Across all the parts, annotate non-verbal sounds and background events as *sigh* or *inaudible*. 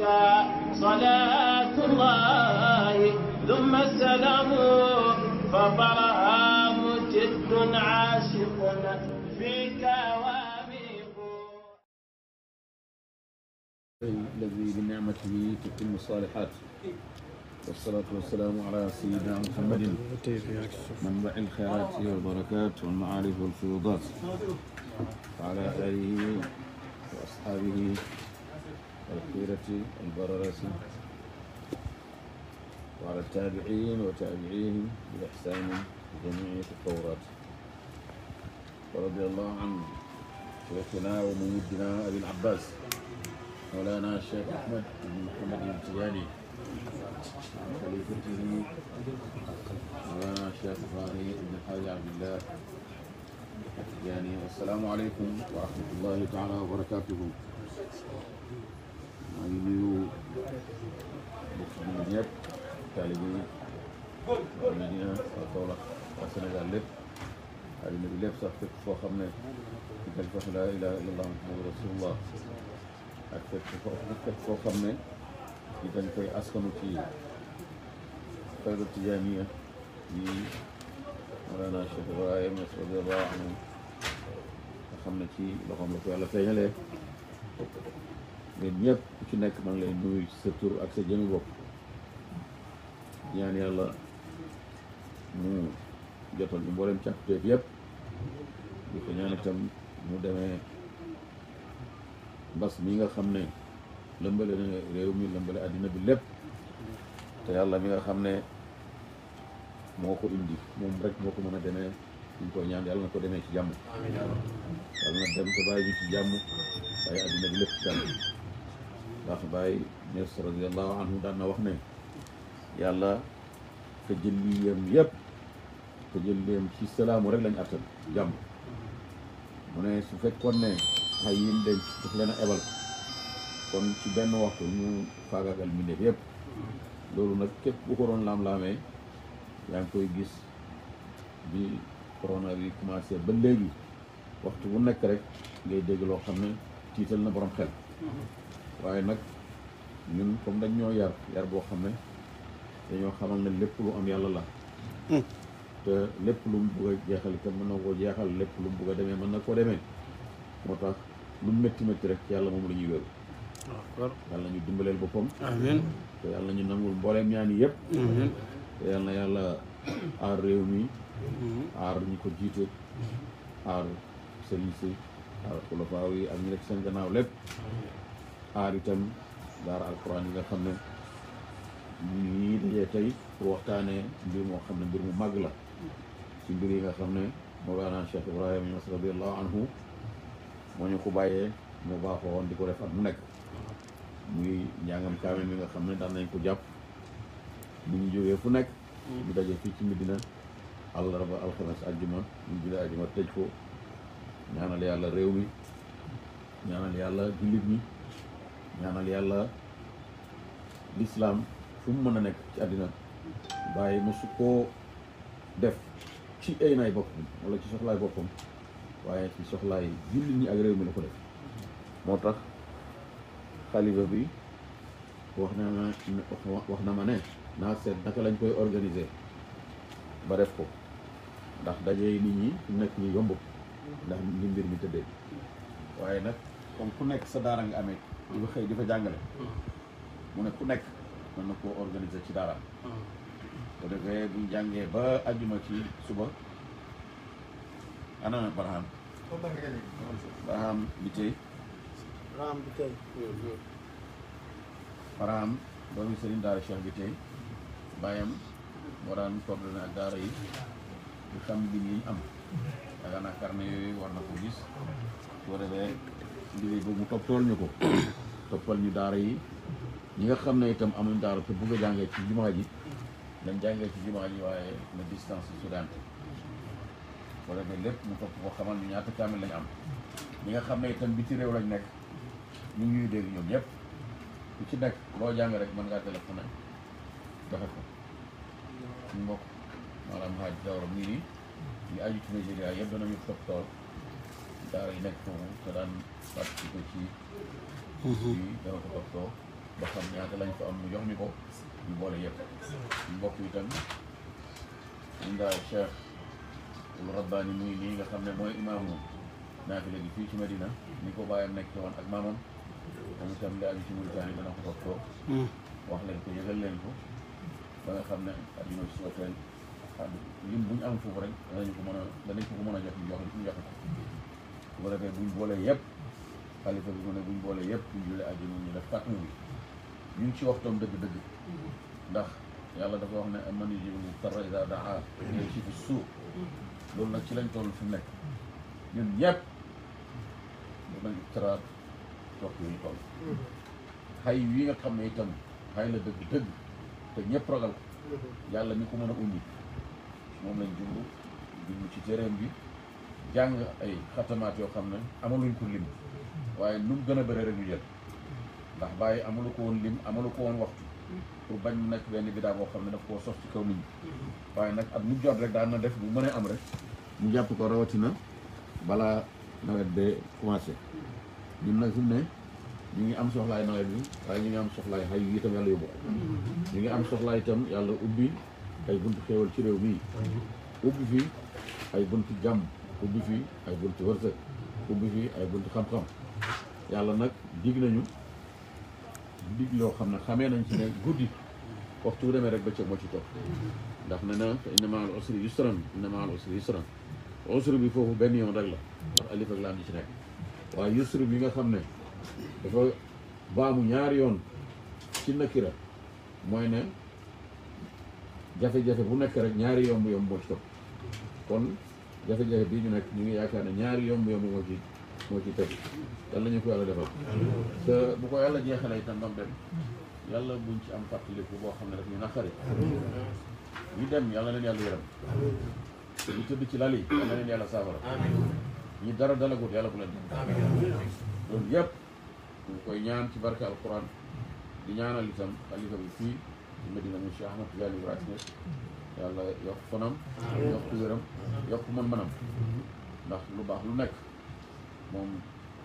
عليك صلاة الله ثم السلام فبرهام جد عاشق فيك واميق الذي بنعمته تتم الصالحات والصلاة والسلام على سيدنا محمد منبع الخيرات والبركات والمعارف والفيوضات وعلى آله وأصحابه والخيرة البررة وعلى التابعين وتابعيهم بإحسان جميع التوراة ورضي الله عن شيخنا وممدنا أبي العباس مولانا الشيخ أحمد بن محمد التجاني خليفته مولانا الشيخ إبراهيم بن الحاج عبد الله التجاني والسلام عليكم ورحمة الله تعالى وبركاته maa ngi nuyu mbokk jullit ñëpp taalibe yi waa Medina waa Kaolack waa Sénégal lépp àddina bi lépp sax fépp foo xam ne ci kalifa la ilaha illallah muhammadu rasulullah ak fépp foo fépp foo xam ne ñi dañ koy askanu ci fayda tijaaniya yi Mawlana Cheikh Ibrahim radiyallahu anhu nga xam ne ci loxoom la ko yàlla feeñalee ngeen ñëpp ku ci nekk man lay nuyu sa tur ak sa jëmi bopp ñaan yàlla mu jotal ñu mboolem càkkuteef yëpp di ko ñaan itam mu demee mbas mi nga xam ne lëmbale na réew mi lëmbale àddina bi lépp te yàlla mi nga xam ne moo ko indi moom rek moo ko mën a demee ñu koy ñaan yàlla na ko demee ci jàmm yàlla na dem te bàyyi ñu ci jàmm waaye àddina bi lépp ci jàmm ndax Baye Niass radiallahu anhu daan wax ne yàlla te jëlliyam yëpp te jëlliyam ci salaamu rek lañ attan jàmm mu ne su fekkoon ne ay yiin denc daf leen a ebal kon ci benn waxtu ñu faagaagal mbindeef yëpp loolu nag képp bu ko doon laam-laamee yaa ngi koy gis bi corona bi commencé ba léegi waxtu bu nekk rek ngay dégg loo xam ne tiital na borom xel waaye nag ñun comme dañ ñoo yar yar boo xam ne dañoo xamal na lépp lu am yàlla la hmm. te lépp lu mu bëgg a jeexal itam mën na ko jeexal lépp lu mu bëgg a demee mën na koo demee moo tax lu métti métti rek yàlla moom la ñuy wéeru yàlla ñu dimbaleel boppam te yàlla ñu nangul mbooleem ñaan yi yëpp te yàlla na yàlla aar réew mi hmm. aar ñu ko jiite hmm. aar sëriñ si aar xulafaaw yi ak ñi rek seen gannaaw lépp aar itam daara alquran yi nga xam ne ñii dajee tey pour waxtaanee mbir moo xam ne mbir mu mag la ci mbir yi nga xam ne Mawlana Cheikh Ibrahima Niass radiallahu anhu moo ñu ko bàyyee mu baaxoo woon di ko def mu nekk muy njàngam kaamil mi nga xam ne daan nañ ko jàpp bu ñu jógee fu nekk ñu daje fii ci Medina àllarba alxames ajjuma ñu julee ajjuma tëj ko ñaanal yàlla réew mi ñaanal yàlla jullit ñi ñaanal yàlla lislaam fu mu mën a nekk ci àddina bàyyi mosu koo def ci ay naay boppam wala ci soxlaay boppam waaye ci soxlaay jullit ñi ak réew mi la ko def moo tax xalifa bi wax na ma wax na ma ne naa seet naka lañ koy organiser ba def ko ndax dajee nit ñi nekk ñi yomb ndax ni mbir mi tëddee waaye nag comme ku nekk sa daara nga amee nga xëy di fa jàngale hmm. mu ne ku nekk mën na koo ci dara hmm. bu defee buñ jàngee ba àjjuma ci suba ana na Barham Barham bi tey Barham bi tey Barham doomi bàyyam moo daan coordonné ak daara yi di xam bi ñu am yaakaar naa carnet yooyu war na ko gis boo defee liggéey boobu mu toppal ñu ko *coughs* toppal ñu daara yi ñi nga xam ne itam amuñ daara te bëgg jàngee ci jumaa ji dañ jàngee ci jumaa ji waaye na distance yi sudante wala ne lépp mu topp ko xamal ni ñaata kaamil lañ am ñi nga xam ne itam bi ci réew lañ nekk ñu ngi ñuy dégg ñoom ñëpp ku ci nekk loo jàng rek mën ngaa téléphoné joxe ko suñ mbokk maanaam haaj dawra mii nii ñu aju ci Nigéria yëpp danañu topp tool daara yi nekk foofu te daan participer ci mhm. ci dana ko toppatoo ba xam ñaata lañ fa am mu jox mi ko ñu boole yëpp mbokk yi tam ndaa cheikh ul rabbaani muy nii nga xam ne mooy imaamu naafila léegi fii ci Medina ni ko bàyyam nekk woon ak maamam moom itam li aju ci ko toppatoo wax leen ko yëgal leen ko ba nga xam ne ak ñu si hôtel lim bu ñu am foofu rek danañ ko mën a danañ ko mën a jox ñu jox ko bu ko defee buñ boolee yëpp xalifa bi mu ne buñ boolee yëpp ñu julli àjjuma ñu def xatmu bi ñu ngi ci waxtoom dëgg-dëgg mm-hmm. ndax yàlla dafa wax ne man yujiibul mudtarra idaa da'aahu wa yakshifu suu' mm-hmm. loolu nag ci lañ toll fi mu nekk ñun ñëpp mun nañu tëraat waxtu yu ñu mm-hmm. wi nga xam ne itam xay la dëgg-dëgg te ñëpp ragal ko yàlla mi ko mën a ummi moom lañ jublu jublu ci terrain bi jàng ay xatamaat yoo xam ne amaluñ ko lim waaye lu mu gën a bëri rek ñu jël ndax bàyyi amalu ko woon lim amalu ko woon waxtu pour bañ nag nekk benn biddaa moo xam ne daf koo sox ci kaw nit ñi waaye nag at mu jot rek daan na def bu mënee am rek mu jàpp ko rawatina balaa nawet bee commencé ñun nag fi mu ngi am soxlaay nawet bi waaye ñu ngi am soxlaay xay yi tam yàlla yóbbu yi ngi am soxlaay itam yàlla ubbi ay buntu xéewal ci réew mii ubbi fii ay buntu jàmm ubbi fii ay bunti wërsëg ubbi fii ay bunt xam-xam yàlla nag dig nañu dig loo xam ne xamee nañ ci ne guddi waxtu bu demee rek bëccëg moo ci topp ndax ne na te inna ma'al usri yusran inna ma'al usri bi foofu benn yoon rek la ndax alif ak laam di ci nekk waaye yusri bi nga xam ne dafa baamu ñaari yoon ci nakira mooy ne jafe-jafe bu nekk rek ñaari yomb yomb moo ci topp kon jafe-jafe bii ñu nag ñu ngi yaakaar ne ñaari yomb-yomb moo ci moo ci tëb yàlla ñu ko yàlla defal te bu ko yàlla jeexalee itam bam dem yàlla buñ ci am fàttaliku boo xam ne rek ñu naqari ñu dem yàlla leen yàlla yërëm ñu tëdd ci lal yi yàlla leen yàlla saafara ñu dara dalagut yàlla bu leen loolu yëpp ñu koy ñaan ci barke alquran di ñaanal itam xalifa bi fii di Medina mu Cheikh Ahmad Tidiane Ibrahima yàlla yokk fanam yokk wéram yokk mën-mënam ndax lu baax lu nekk moom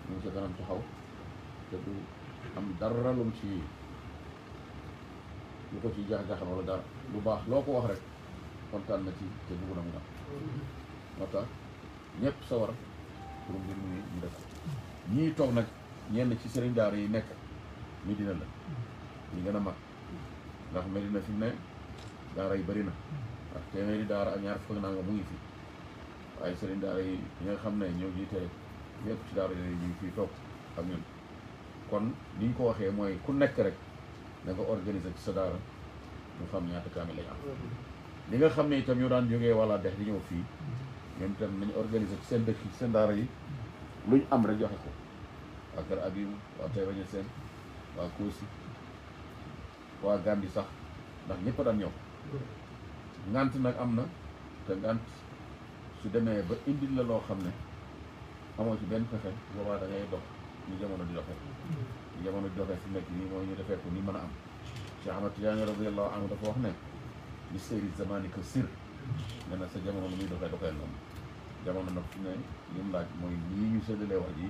mu ngi ca kanam taxaw te du am dara lum ci lu ko ci jax-jaxal wala dara lu baax loo ko wax rek kontaan na ci te bugg na moo tax ñëpp sawar pour mbir mi ñu def ñii toog nag ñenn ci sëriñ daara yi nekk Medina la ñu gën a mag ndax Medina fi ne daara yi bari na ndax téeméeri daara ak ñaar fukk naa nga mu ngi fii waaye sëriñ daara yi ñi nga xam ne ñoo jiite yëpp ci daara yooyu ñu ngi fii toog kon ni ko waxee mooy ku nekk rek da nga organiser ci sa daara ñu xam ñaata kaamil lañ am li nga xam ne itam ñoo daan jógee wala dex di ñëw fii ñoom itam nañu organiser ci seen dëkk ci seen daara yi lu ñu am rek joxe ko waa Kër Abibu waa Taïba Niassène waa Koosi waa Gàmbi sax ndax ñëpp daan ñëw ngànt nag am na te ngànt su demee ba indi la loo xam ne amoo ci benn pexe boobaa da ngay dox ni jamono di doxee ni jamono di doxee fi nekk nii mooy ñu defee ko ni mën a am Cheikh Ahmad Tidiane radiyallahu anhu dafa wax ne li seyri zamani que sir nee na sa jamono lu muy doxee doxee noonu jamono nag fu ne li mu laaj mooy nii ñu séddalee wax ji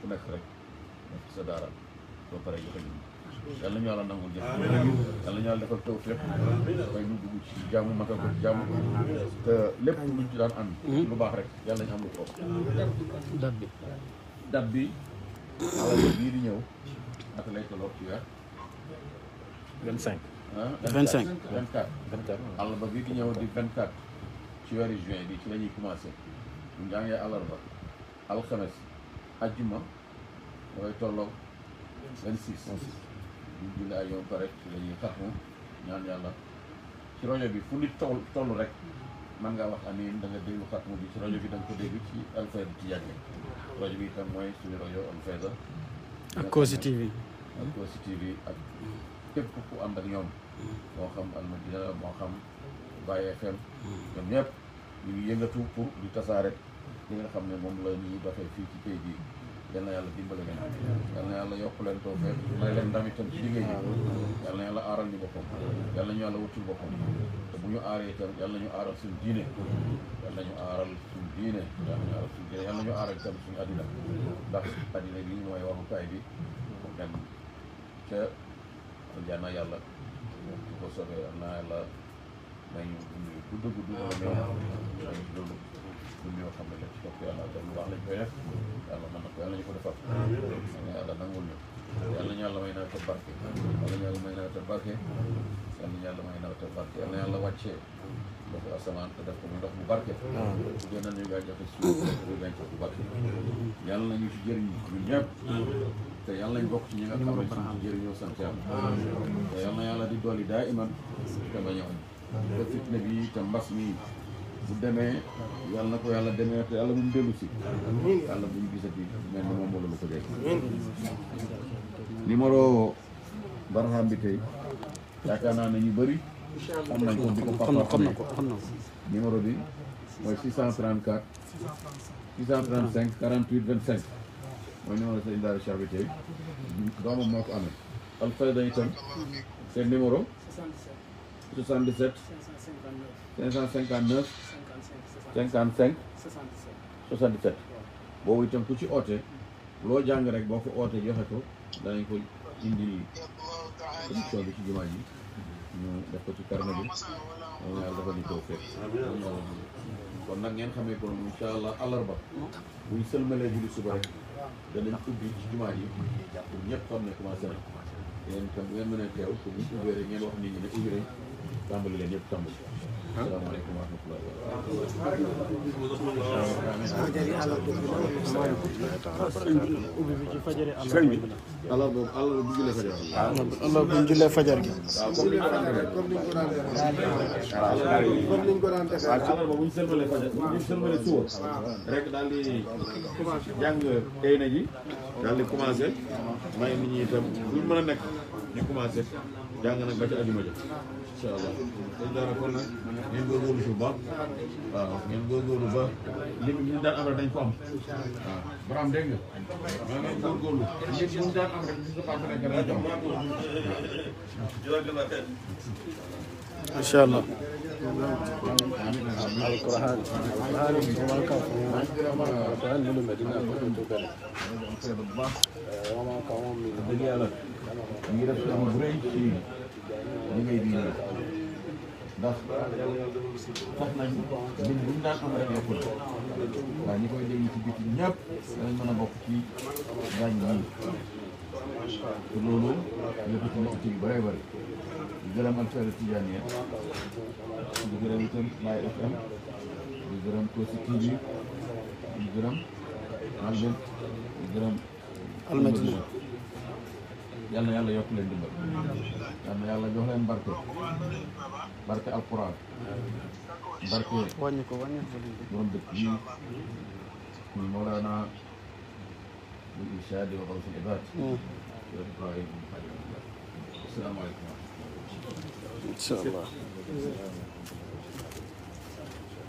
ku nekk rek def ci sa daara soo paree joxe ñu yàlla na ñu yàlla defal taw fépp bay ñu dugg ci jàmm matal ko lépp luñ ci daan ànd hmm? lu baax rek yàlla ñu am lu ko dab bi dab bi alal bii di ñëw naka lay tolloog ci weer vingt cinq ah, vingt cinq vingt quatre vingt quatre di ñëw vingt quatre ci weeru juin bi ci la ñuy commencé ñu jàngee àllarba alxames ajjuma dafay tolloog vingt six bu ñu julli ay yoon ko rek ci la ñuy ñaan yàlla ci rajo bi fu nit toll toll rek man ngaa wax amiin danga nga déglu xatmu bi ci rajo bi da nga ko déglu ci Alfayda ci yàgge rajo bi itam mooy suñu rajo Alfayda ak Kossy TV ak Kossy TV ak képp ku ànd ak ñoom moo xam Almadina moo xam Baye FM ñoom ñëpp ñu ngi yëngatu pour di tasaare li nga xam ne moom la ñuy doxee fii ci tey bii yal na yàlla dimbale leen yal na yàlla yokk leen toofeet may leen ndam itam ci liggéey bi yal na yàlla aaral ñu boppam yal na ñu yàlla wutul boppam te bu ñu aaree itam yal na ñu aaral suñu diine yal na ñu aaral suñu diine yal na ñu aaral suñu diine yal na ñu aaral itam suñu addina ndax addina bi mooy waxukaay bi dem ca aljanna yàlla bu ko soobee am na yàlla may ñu gudd gudd gudd suñ yoo xam ne lépp topp yàlla te lu baax lañ koy def yàlla mën na ko yàlla ñu ko defal yàlla nangul ñu yàlla ñu yàlla may nawet ak barke yàlla ñu yàlla may nawet ak barke yàlla ñu yàlla may nawet ak barke yàlla yàlla wàccee dafa asamaan te def ko mu ndox bu barke gën nañu gaa joxe suuf bu gàncax bu barke yàlla nañu ci jëriñ ñun ñëpp te yàlla nañ bokk ci ñi nga xam ne suñu jëriñoo sant yàlla te yàlla na yàlla di dolli daa iman te bañ a te fitna bi te mbas mi bu demee yàlla na ko yàlla demee te yàlla bu mu dellu si yàlla bu ñu gisati mel ni moom moo la ko dee numéro barxam bi tey yaakaar naa ne ñu bëri xam nañ ko di ko papa xam na ko xam na ko numéro bi mooy 634 635 48 25 mooy numéro sëñ Daara Cheikh bi tey doomam moo ko amee Alfayda itam seen numéro 77 559 55 77 boobu itam ku ci oote loo jàng rek boo ko oote joxe ko danañ ko indil émission bi ci jumaa ji ñu def ko ci carnet bi moom yàlla dafa ñu koo fekk kon nag ngeen xamee ko moom incha allah àllarba buñ sëlmalee julli suba rek danañ ubbi ci jumaa ji pour ñëpp xam ne commencé na yéen itam bu ngeen mën a teew pour ñu ubbee rek ngeen wax nit ñi ne ubbi tàmbali leen yëpp tàmbali. asalaamaaleykum wa rahmatullahi sëñ bi allah boobu allah bu jullee fajar gi. allah bu jullee fajar gi. comme ni ñu ko daan defee. comme ni ñu ko daan defee. allah boobu bu ñu sëlmalee fajar bu ñu sëlmalee suba rek daal di jàng tey na ji daal di commencé may nit ñi itam lu ñu mën a nekk ñu commencé jàng nag ba ci ajuma ji incha allah dañ dara kon nag ngeen góorgóorlu si bu baax waaw ngeen góorgóorlu ba li ñu daan am rek dañ ko am waaw baram dégg nga ma ngeen góorgóorlu nit bu ñu daan am rek ñu ko am rek dana jox incha allah القرآن القرآن وما كان القرآن من المدينة كنت بنا وما كان من الدنيا لك liggéey bii nii ndax tax nañ ñun buñ daan am rek yokku koy dégg ci biti ñëpp danañ mën a bokk ci gaañ yi te loolu yëkkati na ci bëree Alfayda Tidiane di gërëm itam Baay FM di gërëm Kossy TV di gërëm Albert yal na yàlla yokk leen dimbal yal na yàlla jox leen barke barke alquran barke wàññi ko wàññi ko borom dëkk yi ñu Mawlana bu isaadi wa xawsul ibaad hmm. yow Ibrahima asalaamaaleykum incha allah